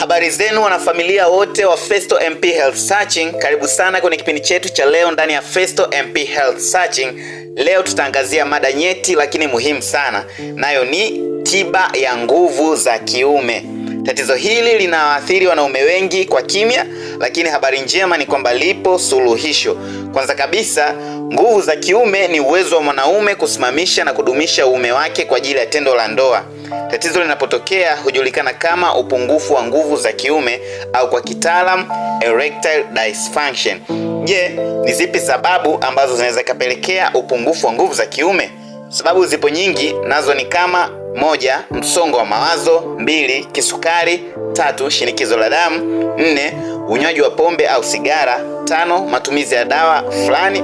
Habari zenu wanafamilia wote wa Festo MP Health Searching, karibu sana kwenye kipindi chetu cha leo ndani ya Festo MP Health Searching. Leo tutaangazia mada nyeti lakini muhimu sana, nayo ni tiba ya nguvu za kiume. Tatizo hili linawaathiri wanaume wengi kwa kimya, lakini habari njema ni kwamba lipo suluhisho. Kwanza kabisa Nguvu za kiume ni uwezo wa mwanaume kusimamisha na kudumisha uume wake kwa ajili ya tendo la ndoa. Tatizo linapotokea hujulikana kama upungufu wa nguvu za kiume au kwa kitaalam erectile dysfunction. Je, ni zipi sababu ambazo zinaweza kapelekea upungufu wa nguvu za kiume? Sababu zipo nyingi, nazo ni kama moja, msongo wa mawazo; mbili, kisukari; tatu, shinikizo la damu; nne, unywaji wa pombe au sigara; tano, matumizi ya dawa fulani,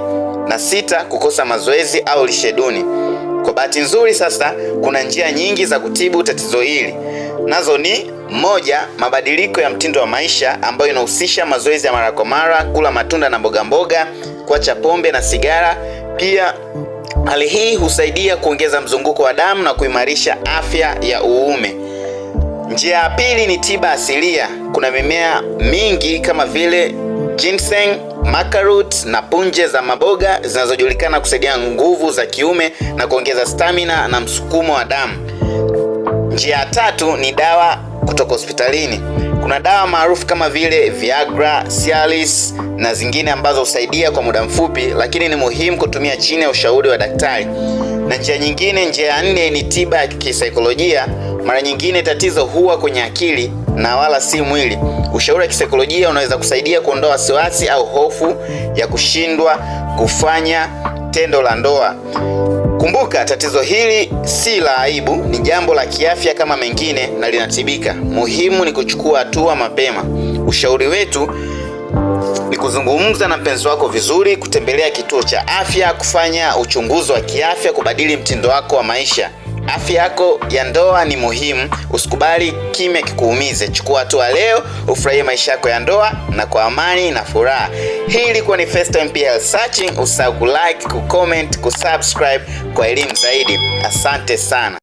na sita, kukosa mazoezi au lishe duni. Kwa bahati nzuri sasa, kuna njia nyingi za kutibu tatizo hili, nazo ni moja, mabadiliko ya mtindo wa maisha ambayo inahusisha mazoezi ya mara kwa mara, kula matunda na mboga mboga, kuacha pombe na sigara. Pia hali hii husaidia kuongeza mzunguko wa damu na kuimarisha afya ya uume. Njia ya pili ni tiba asilia. Kuna mimea mingi kama vile ginseng, makarut na punje za maboga zinazojulikana kusaidia nguvu za kiume na kuongeza stamina na msukumo wa damu. Njia ya tatu ni dawa kutoka hospitalini. Kuna dawa maarufu kama vile Viagra, Cialis na zingine ambazo husaidia kwa muda mfupi, lakini ni muhimu kutumia chini ya ushauri wa daktari. Na njia nyingine, njia ya nne ni tiba ya kisaikolojia. Mara nyingine tatizo huwa kwenye akili Mm. na wala si mwili. Ushauri wa kisaikolojia unaweza kusaidia kuondoa wasiwasi au hofu ya kushindwa kufanya tendo la ndoa. Kumbuka, tatizo hili si la aibu, ni jambo la kiafya kama mengine na linatibika. Muhimu ni kuchukua hatua mapema. Ushauri wetu ni kuzungumza na mpenzi wako vizuri, kutembelea kituo cha afya, kufanya uchunguzi wa kiafya, kubadili mtindo wako wa maisha. Afya yako ya ndoa ni muhimu. Usikubali kimya kikuumize. Chukua hatua leo, ufurahie maisha yako ya ndoa na kwa amani na furaha. Hii ilikuwa ni First Time PL Searching. Usahau kulike, kucomment, kusubscribe kwa elimu zaidi. Asante sana.